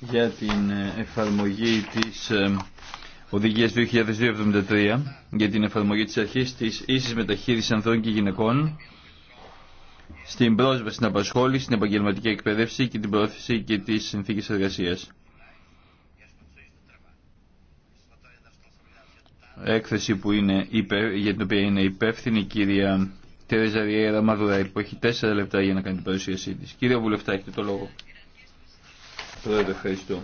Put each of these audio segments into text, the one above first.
για την ε, εφαρμογή της ε, Οδηγίας 2273 για την εφαρμογή της αρχής της ίσης μεταχείρισης ανθρώπων και γυναικών στην πρόσβαση στην απασχόληση, στην επαγγελματική εκπαίδευση και την πρόθεση και τις συνθήκες εργασίας. Έκθεση που είναι υπε, για την οποία είναι υπεύθυνη η κυρία Τερεζαριέρα Μαδουράη που έχει τέσσερα λεπτά για να κάνει την παρουσίασή της. Κύριε Βουλευτά, έχετε το λόγο. Πρόεδρε, ευχαριστώ.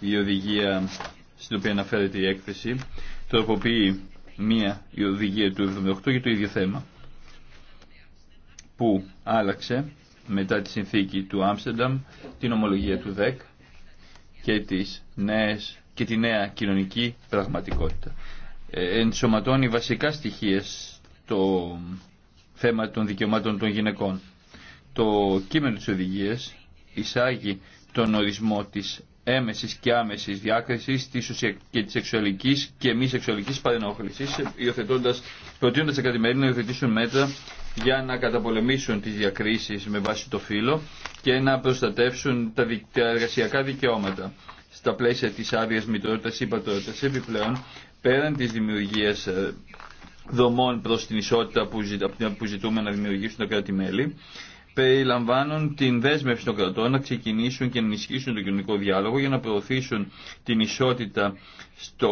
Η οδηγία στην οποία αναφέρεται η έκθεση τροποποιεί μία η οδηγία του 78 για το ίδιο θέμα που άλλαξε μετά τη συνθήκη του Άμστερνταμ την ομολογία του ΔΕΚ και, τις νέες, και τη νέα κοινωνική πραγματικότητα. Ε, ενσωματώνει βασικά στοιχεία στο θέμα των δικαιωμάτων των γυναικών. Το κείμενο της οδηγίας εισάγει τον ορισμό της έμεσης και άμεσης διάκρισης της και της σεξουαλικής και μη σεξουαλικής παρενόχλησης, υιοθετώντας, προτείνοντας τα κράτη-μέλη να υιοθετήσουν μέτρα για να καταπολεμήσουν τις διακρίσεις με βάση το φύλλο και να προστατεύσουν τα, εργασιακά δικαιώματα. Στα πλαίσια της άδεια μητρότητας ή πατρότητας επιπλέον, πέραν της δημιουργίας ε, δομών προς την ισότητα που ζητούμε να δημιουργήσουν τα κράτη-μέλη, περιλαμβάνουν την δέσμευση των κρατών να ξεκινήσουν και να ενισχύσουν τον κοινωνικό διάλογο για να προωθήσουν την ισότητα στο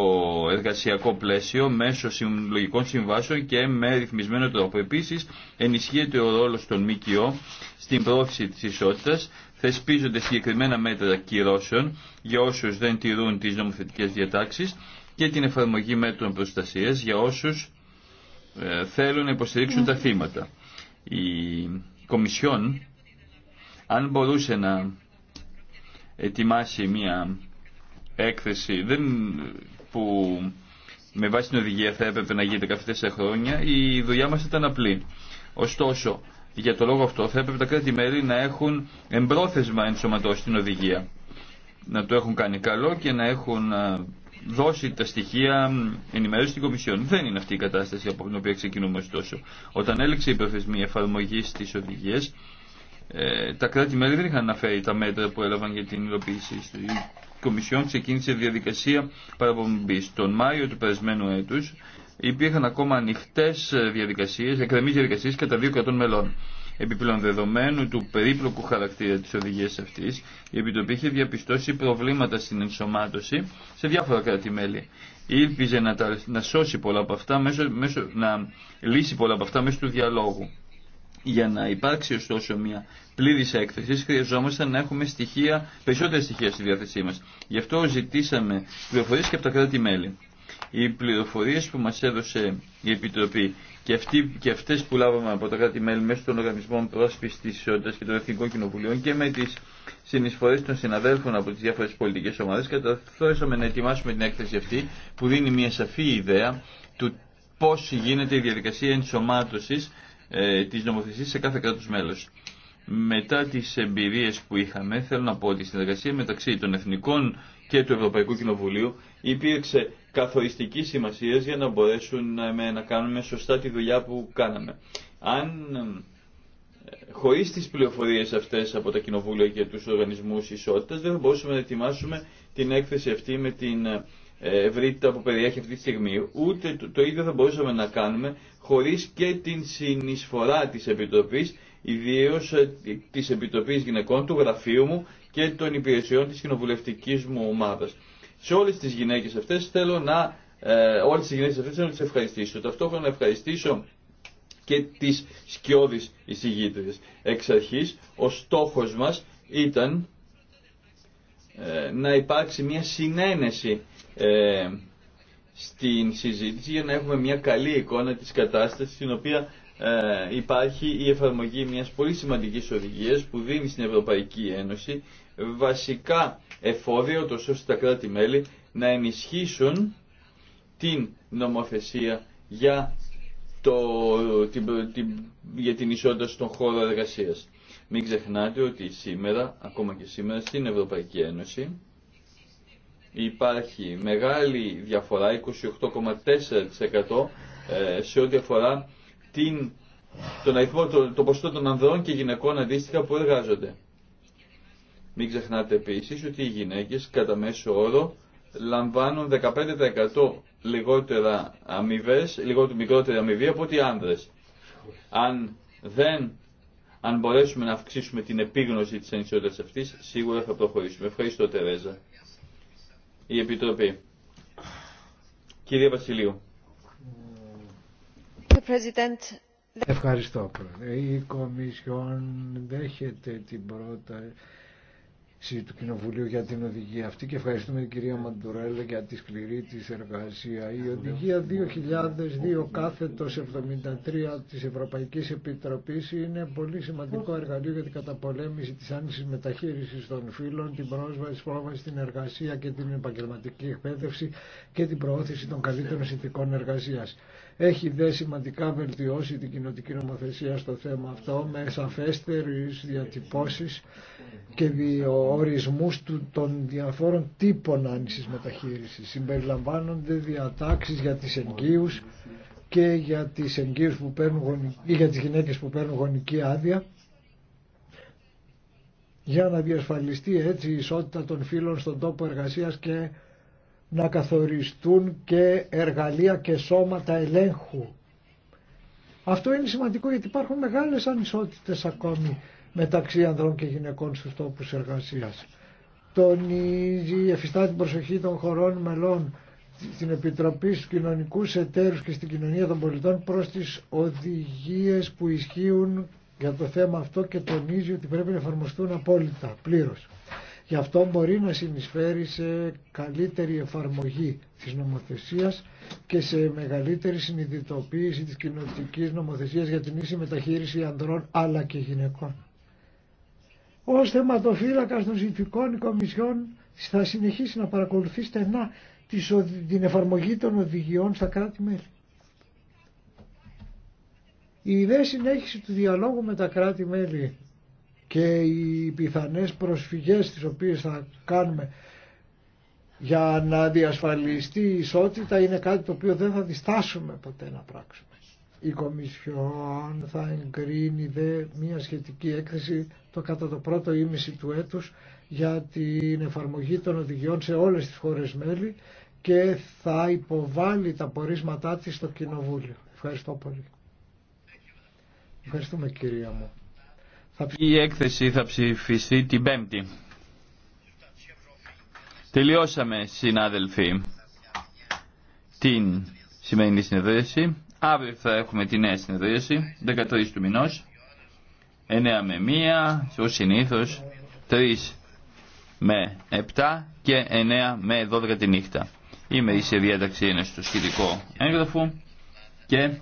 εργασιακό πλαίσιο μέσω συλλογικών συμβάσεων και με ρυθμισμένο τρόπο. Επίση, ενισχύεται ο ρόλο των ΜΚΟ στην πρόθεση τη ισότητα, θεσπίζονται συγκεκριμένα μέτρα κυρώσεων για όσου δεν τηρούν τι νομοθετικέ διατάξει και την εφαρμογή μέτρων προστασία για όσου ε, θέλουν να υποστηρίξουν τα θύματα. Η Κομισιόν αν μπορούσε να ετοιμάσει μια έκθεση δεν, που με βάση την οδηγία θα έπρεπε να γίνεται κάθε τέσσερα χρόνια, η δουλειά μας ήταν απλή. Ωστόσο, για το λόγο αυτό θα έπρεπε τα κράτη-μέλη να έχουν εμπρόθεσμα ενσωματώσει την οδηγία. Να το έχουν κάνει καλό και να έχουν δώσει τα στοιχεία ενημέρωση στην Κομισιόν. Δεν είναι αυτή η κατάσταση από την οποία ξεκινούμε ωστόσο. Όταν έλεξε η προθεσμία εφαρμογή τη οδηγία, ε, τα κράτη-μέλη δεν είχαν αναφέρει τα μέτρα που έλαβαν για την υλοποίηση. Η Κομισιόν ξεκίνησε διαδικασία παραπομπή. Τον Μάιο του περασμένου έτου υπήρχαν ακόμα ανοιχτέ διαδικασίε, εκκρεμεί διαδικασίε κατά δύο κρατών μελών. Επιπλέον δεδομένου του περίπλοκου χαρακτήρα της οδηγίας αυτής, η Επιτροπή είχε διαπιστώσει προβλήματα στην ενσωμάτωση σε διάφορα κράτη-μέλη. Ήλπιζε να, να, σώσει πολλά από αυτά μέσω, μέσω, να λύσει πολλά από αυτά μέσω του διαλόγου. Για να υπάρξει ωστόσο μια πλήρη έκθεση, χρειαζόμασταν να έχουμε στοιχεία, περισσότερα στοιχεία στη διάθεσή μα. Γι' αυτό ζητήσαμε πληροφορίε και από τα κράτη-μέλη. Οι πληροφορίες που μας έδωσε η Επιτροπή και, αυτή, και αυτές που λάβαμε από τα κράτη-μέλη μέσω των οργανισμών πρόσφυσης της ισότητας και των εθνικών κοινοβουλίων και με τις συνεισφορές των συναδέλφων από τις διάφορες πολιτικές ομάδες καταθέσαμε να ετοιμάσουμε την έκθεση αυτή που δίνει μια σαφή ιδέα του πώς γίνεται η διαδικασία ενσωμάτωσης ε, της νομοθεσίας σε κάθε κράτος μέλος. Μετά τις εμπειρίες που είχαμε, θέλω να πω ότι η συνεργασία μεταξύ των εθνικών και του Ευρωπαϊκού Κοινοβουλίου υπήρξε καθοριστική σημασία για να μπορέσουν να κάνουμε σωστά τη δουλειά που κάναμε. Αν ε, χωρίς τις πληροφορίες αυτές από τα κοινοβούλια και τους οργανισμούς ισότητας δεν θα μπορούσαμε να ετοιμάσουμε την έκθεση αυτή με την ε, ευρύτητα που περιέχει αυτή τη στιγμή. Ούτε το ίδιο θα μπορούσαμε να κάνουμε χωρίς και την συνεισφορά τη επιτροπή, ιδίως ε, της επιτροπή Γυναικών του γραφείου μου και των υπηρεσιών της κοινοβουλευτική μου ομάδας. Σε όλες τις γυναίκες αυτές θέλω να, ε, όλες τις γυναίκες αυτές θέλω να τις ευχαριστήσω. Ταυτόχρονα να ευχαριστήσω και τις σκιώδεις εισηγήτριες. Εξ αρχής, ο στόχος μας ήταν ε, να υπάρξει μια συνένεση ε, στην συζήτηση για να έχουμε μια καλή εικόνα της κατάστασης στην οποία ε, υπάρχει η εφαρμογή μιας πολύ σημαντικής οδηγίας που δίνει στην Ευρωπαϊκή Ένωση βασικά εφόδια ώστε τα κράτη-μέλη να ενισχύσουν την νομοθεσία για, το, την, για την ισότητα στον χώρο εργασίας. Μην ξεχνάτε ότι σήμερα, ακόμα και σήμερα, στην Ευρωπαϊκή Ένωση υπάρχει μεγάλη διαφορά, 28,4% ε, σε ό,τι αφορά την, τον αριθμό, το, το ποσοστό των ανδρών και γυναικών αντίστοιχα που εργάζονται. Μην ξεχνάτε επίση ότι οι γυναίκες κατά μέσο όρο λαμβάνουν 15% λιγότερα αμοιβέ, λιγότερο μικρότερη αμοιβή από ότι οι άνδρες. Αν δεν αν μπορέσουμε να αυξήσουμε την επίγνωση της ανισότητας αυτής, σίγουρα θα προχωρήσουμε. Ευχαριστώ Τερέζα. Η Επιτροπή. Κυρία Βασιλείου. Ευχαριστώ. Πρόεδρε. Η Κομισιόν δέχεται την πρόταση του Κοινοβουλίου για την οδηγία αυτή και ευχαριστούμε την κυρία Μαντουρέλα για τη σκληρή τη εργασία. Η οδηγία 2002 κάθετος 73 τη Ευρωπαϊκή Επιτροπή είναι πολύ σημαντικό εργαλείο για την καταπολέμηση τη άνηση μεταχείριση των φύλων, την πρόσβαση, στην εργασία και την επαγγελματική εκπαίδευση και την προώθηση των καλύτερων συνθηκών εργασία. Έχει δε σημαντικά βελτιώσει την κοινοτική νομοθεσία στο θέμα αυτό με σαφέστερε διατυπώσει και ορισμούς του, των διαφόρων τύπων άνησης μεταχείρισης. Συμπεριλαμβάνονται διατάξεις για τις εγγύους και για τις, εγγύους που παίρνουν γονική, για τις γυναίκες που παίρνουν γονική άδεια για να διασφαλιστεί έτσι η ισότητα των φύλων στον τόπο εργασίας και να καθοριστούν και εργαλεία και σώματα ελέγχου. Αυτό είναι σημαντικό γιατί υπάρχουν μεγάλες ανισότητες ακόμη μεταξύ ανδρών και γυναικών στους τόπους εργασίας. Τονίζει, εφιστά την προσοχή των χωρών μελών στην Επιτροπή στους κοινωνικούς εταίρους και στην κοινωνία των πολιτών προς τις οδηγίες που ισχύουν για το θέμα αυτό και τονίζει ότι πρέπει να εφαρμοστούν απόλυτα, πλήρως. Γι' αυτό μπορεί να συνεισφέρει σε καλύτερη εφαρμογή της νομοθεσίας και σε μεγαλύτερη συνειδητοποίηση της κοινωνικής νομοθεσίας για την ίση μεταχείριση ανδρών αλλά και γυναικών. Ως θεματοφύλακας των συνθηκών οικομισιών θα συνεχίσει να παρακολουθεί στενά την εφαρμογή των οδηγιών στα κράτη-μέλη. Η ιδέα συνέχιση του διαλόγου με τα κράτη-μέλη και οι πιθανές προσφυγές τις οποίες θα κάνουμε για να διασφαλιστεί η ισότητα είναι κάτι το οποίο δεν θα διστάσουμε ποτέ να πράξουμε η Κομισιόν θα εγκρίνει δε μια σχετική έκθεση το κατά το πρώτο ήμιση του έτους για την εφαρμογή των οδηγιών σε όλες τις χώρες μέλη και θα υποβάλει τα πορίσματά της στο Κοινοβούλιο. Ευχαριστώ πολύ. Ευχαριστούμε κυρία μου. Η έκθεση θα ψηφιστεί την Πέμπτη. Τελειώσαμε συνάδελφοι την σημερινή συνεδρίαση. Αύριο θα έχουμε τη νέα συνεδρίαση, 13 του μηνός, 9 με 1, ως συνήθως, 3 με 7 και 9 με 12 τη νύχτα. Η ημερήσια διάταξη είναι στο σχετικό έγγραφο και